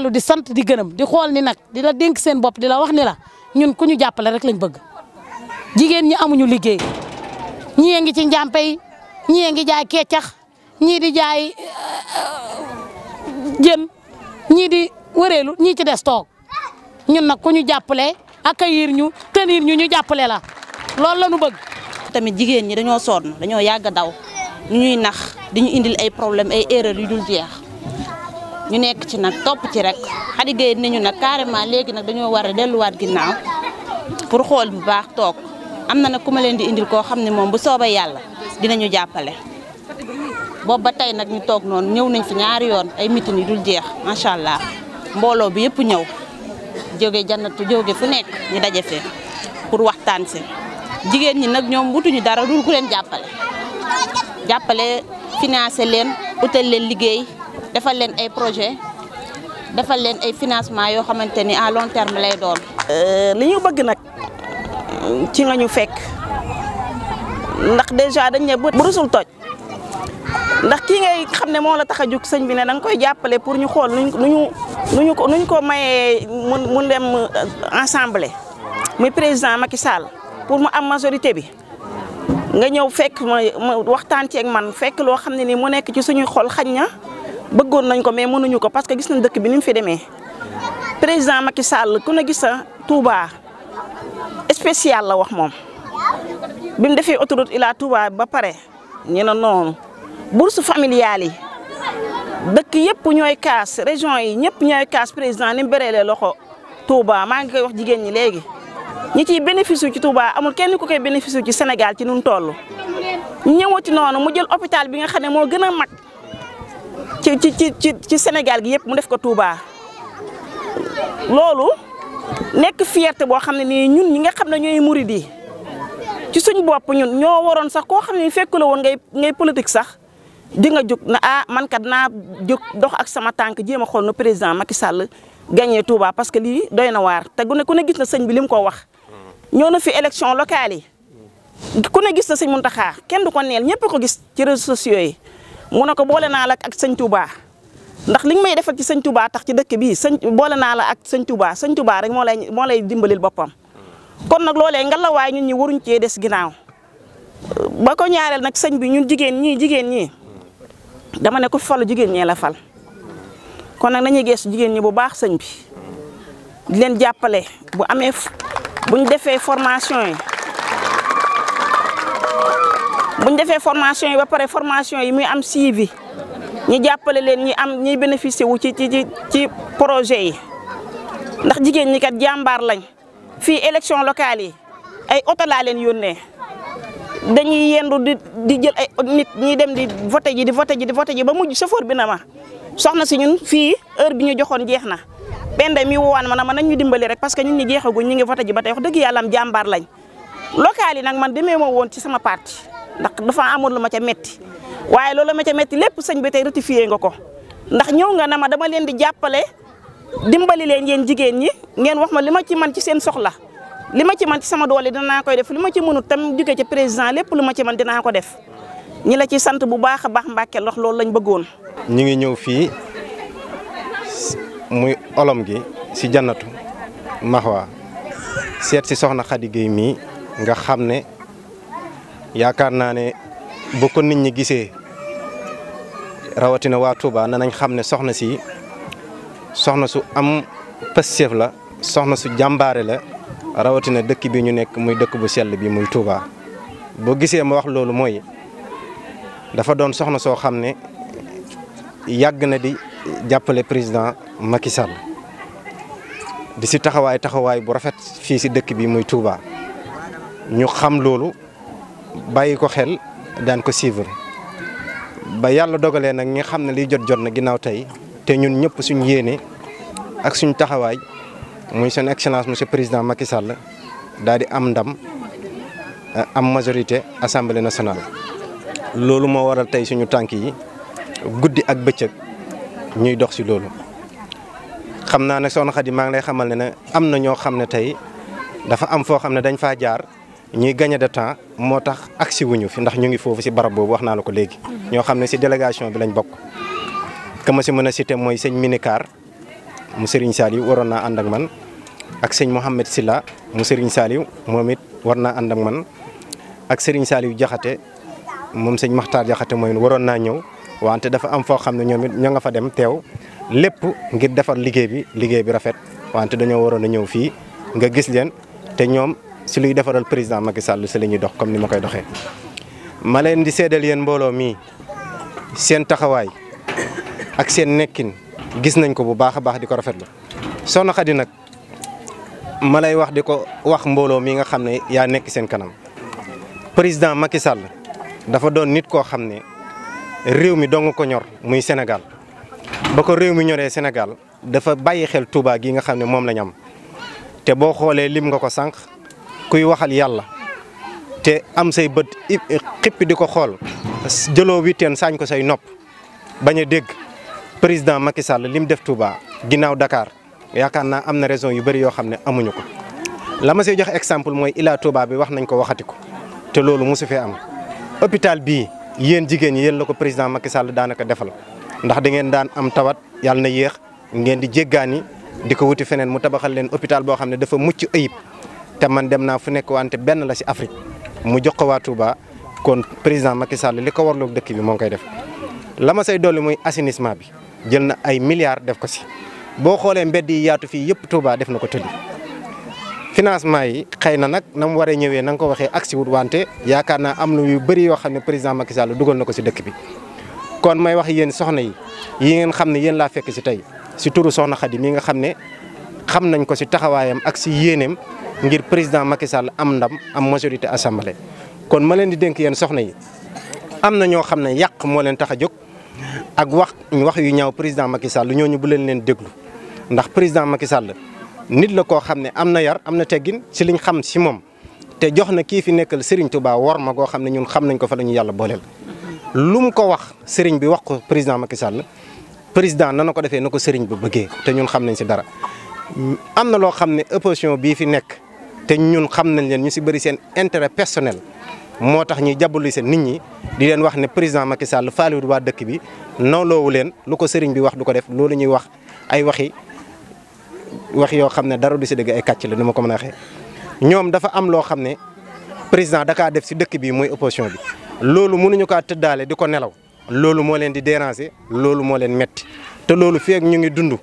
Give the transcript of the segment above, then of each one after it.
dellu di sant di gërëm di xool ni nag di la dénk seen bopp di la wax ni la ñun ku ñu jàppale rek lañ bëgg jigéen ñi amuñu liggéey ñii ngi ci njàmpe yi ñii ngi jaay keccax ñii di jaay euh, jën ñii di wëreelu ñi ci des toog ñun nag ku ñu jàppale accueillir ñu tenir ñu ñu jàppale la loolu la ñu bëgg. tamit jigéen ñi dañoo sonn dañoo yàgg daw ñu ñuy nax di ñu indil ay problème ay erreur yu dul jeex. ñu nekk ci nag topp ci rek Khady Gueye nañu nag carrément léegi nag dañoo war a delluwaat ginnaaw pour xool bu baax toog am na nag ku ma leen di indil koo xam ne moom bu soobee yàlla dinañu jàppale. boobu ba tey nag ñu toog noonu ñëw nañ fi ñaari yoon ay mitin yi dul jeex macha allah mbooloo bi yëpp ñëw jóge jannatu jóge fu nekk ñu daje fee pour waxtaan si jigéen ñi nag ñoom wutuñu dara dul ku leen jàppale jàppale financé leen utal leen liggéey. defal leen ay projet defal leen ay financement yoo xamante ni à long terme lay doon. Euh, li ñu bëgg nag ci nga ñu fekk ndax déjà dañ ne bu rusul toj ndax kii ngay xam ne moom la tax a jug sëñ bi ne da nga koy jàppale pour ñu xool nuñ nuñu nuñu ko nuñ ko mayee mu mu dem euh, ensemble muy président Macky Sall pour mu am majorité bi nga ñëw fekk ma waxtaan ci ak man fekk loo xam ne ni mu nekk ci suñu xool xañ na. bëggoon nañ ko mais mënuñu ko parce que gis nañ dëkk bi ni mu fi demee président Macky Sall ku ne gis sa Touba spécial la wax moom bi mu defee autoroute Ila Touba ba pare ñu ne noonu bourse familiale yi dëkk yëpp ñooy kaas région yi ñëpp ñooy kaas président ni mu bëreelee loxo Touba maa ngi koy wax jigéen ñi léegi ñi ciy bénéfice wu ci Touba amul kenn ku koy bénéfice wu ci Sénégal ci nun toll ñëwati noonu mu jël hôpital bi nga xam ne moo gën a mag ci ci ci ci Sénégal gi yëpp mu def ko Touba loolu nekk fierté boo xam ne nii ñun ñi nga xam ne ñooy muri yi ci suñ bopp ñun ñoo waroon sax koo xam ne fekk la woon ngay ngay politique sax di nga jóg na ah man kat naa jóg dox ak sama tànk jéem a xool nu président Macky Sall gañee Touba parce que lii doy na waar te ku ne ku ne gis na sëñ bi li mu ko wax. ñoo na fi élection locale yi ku ne gis na sëñ Mountakha kenn du ko neel ñëpp ko gis ci réseaux sociaux yi. mu ne ko boole naa la ak sëñ Touba ndax li nga may defal ci sëñ Touba tax ci dëkk bii sëñ boole naa la ak sëñ Touba sëñ Touba rek moo lay moo lay dimbalil boppam kon nag loolee ngallaawaay ñun ñi waruñ cee des ginnaaw ba ko ñaareel nag sëñ bi ñun jigéen ñii jigéen ñii dama ne ko falu jigéen ñee la fal kon nag nañuy geesu jigéen ñi bu baax sañ bi di leen jàppale bu amee bu ñu defee formation yi. buñ defee formation yi ba pare formation yi muy am suivi ñu jàppale leen ñi am ñi bénéficier wu ci ci ci projet yi ndax jigéen ñi kat jàmbaar lañ fii élection locale yi ay oto laa leen yónnee dañuy yendu di di jël ay nit ñi dem di voté ji di voté ji di ba mujj chauffeur bi na ma soxna si ñun fii heure bi ñu joxoon jeex na bende mi woowaan ma na ma nañ ñu dimbali rek parce que ñu ñi jeexagu ñi ngi voté ji ba te wax dëgg yàlla am jàmbaar lañ local yi nag man demee moo woon ci sama parti ndax dafa amoon lu ma ca metti waaye loolu ma ca metti lépp sëñ bi tey ratifié nga ko ndax ñëw nga na ma dama leen di jàppale dimbali leen yéen jigéen ñi ngeen wax ma li ma ci man ci seen soxla li ma ci man ci sama doole naa koy def li ma ci mënut tam jóge ci président lépp lu ma ci man dinaa ko def ñi la ci sant bu baax a baax Mbàkke ndax loolu lañ bëggoon. ñu ngi ñëw fii muy olom gi si janatu Mahwa seet si soxna Khady Gueye mii nga xam ne. yaakaar naa ne bu ko nit ñi gisee rawatina waa Touba nañ xam ne soxna si soxna su am pësteef la soxna su jàmbaare la rawatina dëkk bi ñu nekk muy dëkk bu sell bi muy Touba. boo gisee ma wax loolu mooy dafa doon soxna soo xam ne yàgg na di jàppale président Macky Sall di si taxawaay taxawaay bu rafet fii si dëkk bi muy Touba ñu xam loolu. bàyyi ko xel daan ko suivre ba yàlla dogalee nag nga xam ne liy jot jot na ginnaaw tey te ñun ñëpp suñ yéene ak suñu taxawaay muy seen excellence monsieur président Macky Sall daal di am ndam eh, am majorité assemblée nationale. loolu moo waral tey suñu tànk yi guddi ak bëccëg ñuy dox si loolu xam naa ne soxna Khady maa ngi lay xamal ne ne am na ñoo xam ne tey dafa am foo xam ne dañ faa jaar. ñuy gagné de temps moo tax agsi wuñu fi ndax ñu ngi foofu si barab boobu wax naa la ko léegi. ñoo xam ne si délégation bi lañ bokk. ka si mën a cité mooy sëñ Minicar mu Serigne Saliou waroon naa ànd ak man ak sëñ Mouhamed Silla mu Serigne Saliou moom it war na ànd ak man ak Serigne Saliou Diakhaté moom sëñ Makhtar Diakhaté mooy waroon naa ñëw wante dafa am foo xam ne ñoom it ña nga fa dem teew lépp ngir defar liggéey bi liggéey bi rafet wante dañoo waroon a ñëw fii nga gis leen te ñoom. si luy defaral président Macky Sall si la ñuy dox comme ni ma koy doxee. ma leen di seddal yéen mbooloo mii seen taxawaay ak seen nekkin gis nañ ko bu baax a baax di ko rafet rafetlu soxna Xadi nag ma lay wax di ko wax mbooloo mii nga xam ne yaa nekk seen kanam président Macky Sall dafa doon nit koo xam ne réew mi dong ko ñor muy Sénégal ba ko réew mi ñoree Sénégal dafa bàyyi xel Touba gi nga xam ne moom lañ am te boo xoolee lim nga ko sànq. kuy waxal yàlla te am say bët xippi di ko xool jëloo witteen saañ ko say nopp bañ a dégg président Macky Sall li mu def Touba ginnaaw dakaar yaakaar naa am na raison yu bari yoo xam ne amuñu ko la ma say joxe exemple mooy Ila Touba bi wax nañ ko waxati ko te loolu mosu fee am hôpital bii yéen jigéen ñi yéen la ko président Macky Sall daanaka defal ndax da ngeen daan am tawat yàlla na yéex ngeen di jéggaani di ko wuti feneen mu tabaxal leen hôpital boo xam ne dafa mucc ayib te man dem naa fu nekk wante benn la si Afrique mu jox ko waa Touba kon président Macky Sall li ko war warloog dëkk bi moo ngi koy def la ma say dolli muy assainissement bi jël na ay milliards def ko si boo xoolee mbedd yi yaatu fii yëpp Touba def na ko tëdd financement yi xëy na nag na mu waree ñëwee na nga ko waxee ak si wut wante yaakaar naa am na yu bëri yoo xam ne président Macky Sall dugal na ko si dëkk bi kon may wax yéen soxna yi yi ngeen xam ne yéen laa fekk si tey xam ne xam nañ ko si taxawaayam ak si yéeneem ngir président Macky am ndam am majorité assemblée. kon ma leen di dénk yéen soxna yi am na ñoo xam ne yàq moo leen tax a jóg ak wax wax yu ñaaw président Macky ñoo ñooñu bu leen leen déglu ndax président Macky la nit la koo xam ne am na yar am na teggin si liñ xam si moom. te jox na kii fi nekkal Serigne Touba wor ma goo xam ne ñun xam nañ ko fa la yàlla booleel lu mu ko wax Serigne bi wax ko président Macky Sall président na na ko defee na ko Serigne bi bëggee te ñun xam nañ si dara. am na loo xam ne opposition bii fi nekk te ñun xam nañ leen ñu si bëri seen intérêt personnel moo tax ñuy jàppale seen nit ñi di leen wax ne président Macky Sall faaliwul waa dëkk bi nooloowu leen lu ko sëriñ bi wax du ko def loolu ñuy wax ay waxi wax yoo xam ne dara du si dëgg ay kàcc la ni ma ko mën a waxee. ñoom dafa am loo xam ne président da def si dëkk bi muy opposition bi loolu mënuñu kaa tëddaale di ko nelaw loolu moo leen di déranger loolu moo leen metti te loolu feek ñu ngi dund.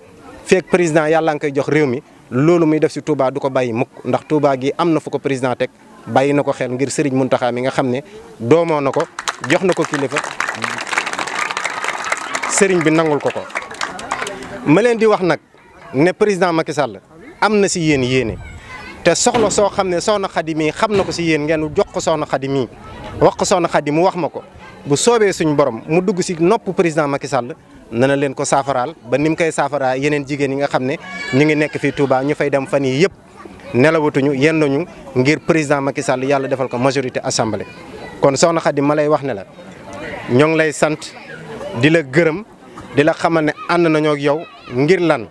feek président yàlla nga koy jox réew mi loolu muy def si Touba du ko bàyyi mukk ndax Touba gi am na fu ko président teg bàyyi na ko xel ngir Serigne Mountakha mi nga xam ne doomoo na ko jox na ko kilifa Serigne bi nangul ko ko. ma leen di wax nag ne président Macky Sall am na si yéen yéene te soxla soo xam ne soxna Xadi mii xam na ko si yéen ngeen jox ko soxna Xadi mii wax ko soxna Xadi mu wax ma ko bu soobee suñu borom mu dugg si nopp président Macky Sall. nana leen ko saafaraal ba ni mu koy saafaraa yeneen jigéen yi nga xam ne ñu ngi nekk fii Touba ñu fay dem fan yi yëpp nelawatuñu yenduñu ngir président Macky Sall yàlla defal ko majorité assemblée. kon soxna Khady ma lay wax ne la ñoo ngi lay sant di la gërëm di la ne ànd nañoo yow ngir lan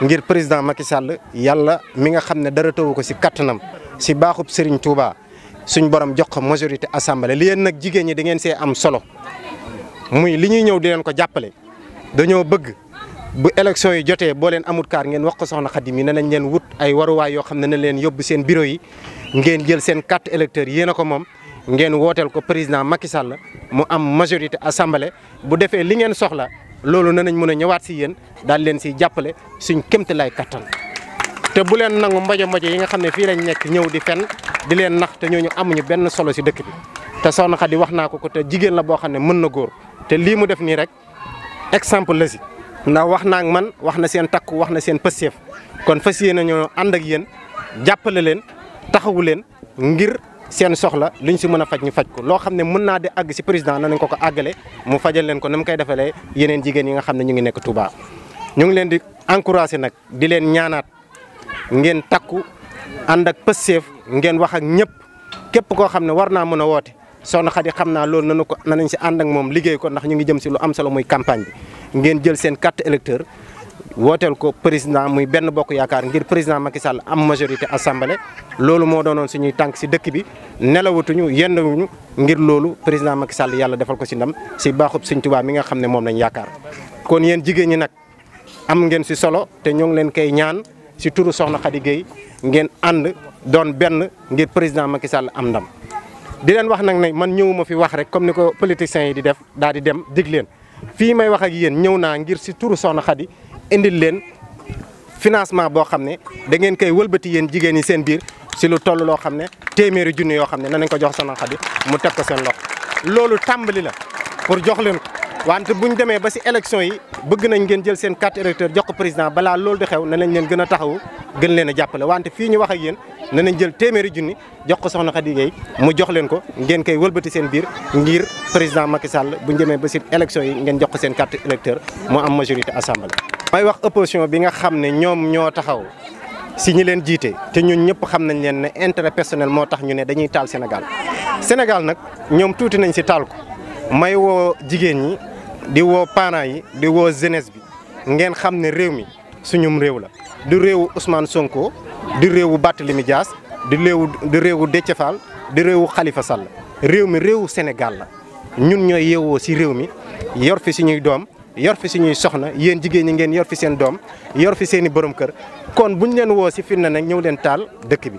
ngir président Macky Sall yàlla mi nga xam ne dara tawu ko si kattanam si baaxub Serigne Touba suñ borom jox ko majorité assemblée li yéen nag jigéen ñi da ngeen see am solo muy li ñuy ñëw di leen ko jàppale. dañoo bëgg bu élection yi jotee boo leen amut kaar ngeen wax ko soxna Xadim yi ne nañ leen wut ay waruwaay yoo xam ne nañ leen yóbbu seen bureau yi ngeen jël seen carte électeur yéen ko moom ngeen wooteel ko président Macky Sall mu am majorité assemblée bu defee li ngeen soxla loolu na nañ mën a ñëwaat si yéen daal leen siy jàppale suñ kémta lay kattan te bu leen nangu mbojo mbojo yi nga xam ne fii lañ nekk ñëw di fenn di leen nax te ñu amuñu benn solo si dëkk bi te soxna Xadi wax naa ko ko te jigéen la boo xam ne mën na góor te lii mu def nii rek exemple la si ndax wax naa man wax na seen takku wax na seen pësteef kon fas yéene ñoo ànd ak yéen jàppale leen taxawu leen ngir seen soxla ñu si mën a faj ñu faj ko. loo xam ne mën naa de àgg si président na nañ ko ko àggale mu fajal leen ko ni mu koy yeneen jigéen yi nga xam ne ñu ngi nekk Touba ñu ngi leen di encouragé nag di leen ñaanaat ngeen takku ànd ak pësteef ngeen wax ak ñëpp képp koo xam ne war naa mën a woote. soxna Xadi xam naa loolu nanu ko nanañ si ànd ak moom liggéey ko ndax ñu ngi jëm si lu am solo muy campagne bi ngeen jël seen carte électeur wooteel ko président muy benn bokk yaakaar ngir président Macky Sall am majorité assemblée loolu moo doonoon suñuy tànk si dëkk bi nelawatuñu yendawuñu ngir loolu président Macky Sall yàlla defal ko si ndam si baaxub Sëñ Tuubaa mi nga xam ne moom nañ yaakaar kon yéen jigéen ñi nag am ngeen si solo te ñoo ngi leen koy ñaan si turu soxna Khady Gueye ngeen ànd doon benn ngir président Macky Sall am ndam di leen wax nag ne man ñëwuma fi wax rek comme ni ko politiciens yi di def daal di dem dig leen fii may wax ak yéen ñëw naa ngir si turu Soxna Xadi indil leen financement boo xam ne da ngeen koy wëlbati yéen jigéen ñi seen biir si lu toll loo xam ne téeméeri junni yoo xam ne danañ ko jox Soxna Xadi mu teg ko seen loxo loolu tàmbali la pour jox leen wante bu ñu demee ba si élection yi bëgg nañ ngeen jël seen carte électeur jox ko président bala loolu di xew nañ leen gën a taxaw gën leen a jàppale wante fii ñu wax ak yéen nañ jël téeméeri junni jox ko soxna Khady Gueye mu jox leen ko ngeen koy wëlbati seen biir ngir président Macky Sall bu ñu demee ba si élection yi ngeen jox ko seen carte électeur moo am majorité assemblée. may wax opposition bi nga xam ne ñoom ñoo taxaw si ñi leen jiite te ñun ñëpp xam nañ leen ne intérêt personnel moo tax ñu ne dañuy taal Sénégal Sénégal nag ñoom tuuti nañ si taal ko may woo jigéen ñi. di woo parents yi di woo jeunesse bi ngeen xam ne réew mi suñum réew la di réewu Ousmane Sonko di réewu Barthélémy Dias di réewu di réewu Déthié di réew xalifa Sall réew mi réewu Sénégal la ñun ñoo yeewoo si réew mi yor fi ñuy doom yor fi ñuy soxna yéen jigéen ñi ngeen yor fi seen doom yor fi seen i borom kër kon buñ leen woo si fitna nag ñëw leen taal dëkk bi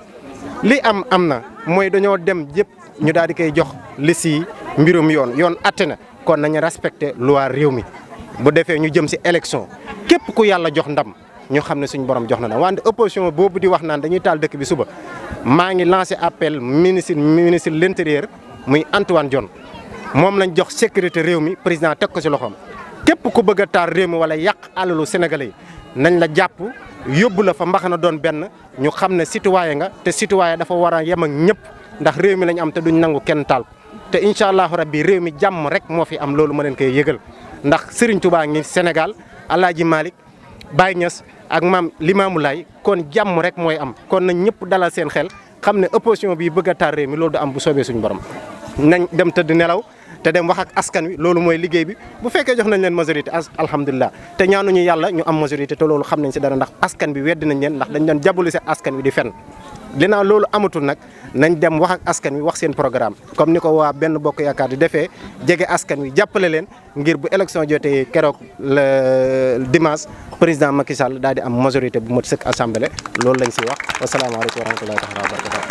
li am am na mooy dañoo dem yëpp ñu daal di koy jox li si mbirum yoon yoon atte na kon nañu respecté loi réew mi bu defee ñu jëm si élection képp ku yàlla jox ndam ñu xam ne suñu borom jox na na wante opposition boobu di wax naan dañuy taal dëkk bi suba maa ngi lancé appel ministre ministre de l'intérieur muy Antoine Diome moom lañ jox sécurité réew mi président teg ko si loxoom képp ku bëgg a taal réew mi wala yàq alalu sénégalais yi nañ la jàpp yóbbu la fa mbaxana doon benn ñu xam ne citoyen nga te situwaaye dafa war a yem ak ñëpp ndax réew mi lañ am te duñ nangu kenn taal te incha allahu rabbi réew mi jàmm rek moo fi am loolu ma leen koy yëgal ndax Serigne Touba ngi Sénégal El Hadj Malick Baye Niass ak maam Limamou Laye kon jàmm rek mooy am kon nañ ñëpp dalal seen xel xam ne opposition bi bëgg a réew mi loolu du am bu soobee suñu borom nañ dem tëdd nelaw. te dem wax ak askan wi loolu mooy liggéey bi bu fekkee jox nañ leen majorité alhamdulilah te ñaanuñu yàlla ñu am majorité te loolu xam nañ si dara ndax askan bi wedd nañ leen ndax dañ doon jàppale si askan wi di fenn. dinaa loolu amatul nag nañ dem wax ak askan wi wax seen programme comme ni ko waa benn bokk yaakaar di defee jege askan wi jàppale leen ngir bu élection jotee keroog le dimanche président Macky Sall daal am majorité bu mot sëkk assemblée loolu lañ si wax wasalaamaaleykum wa rahmatullahi wa barakatuh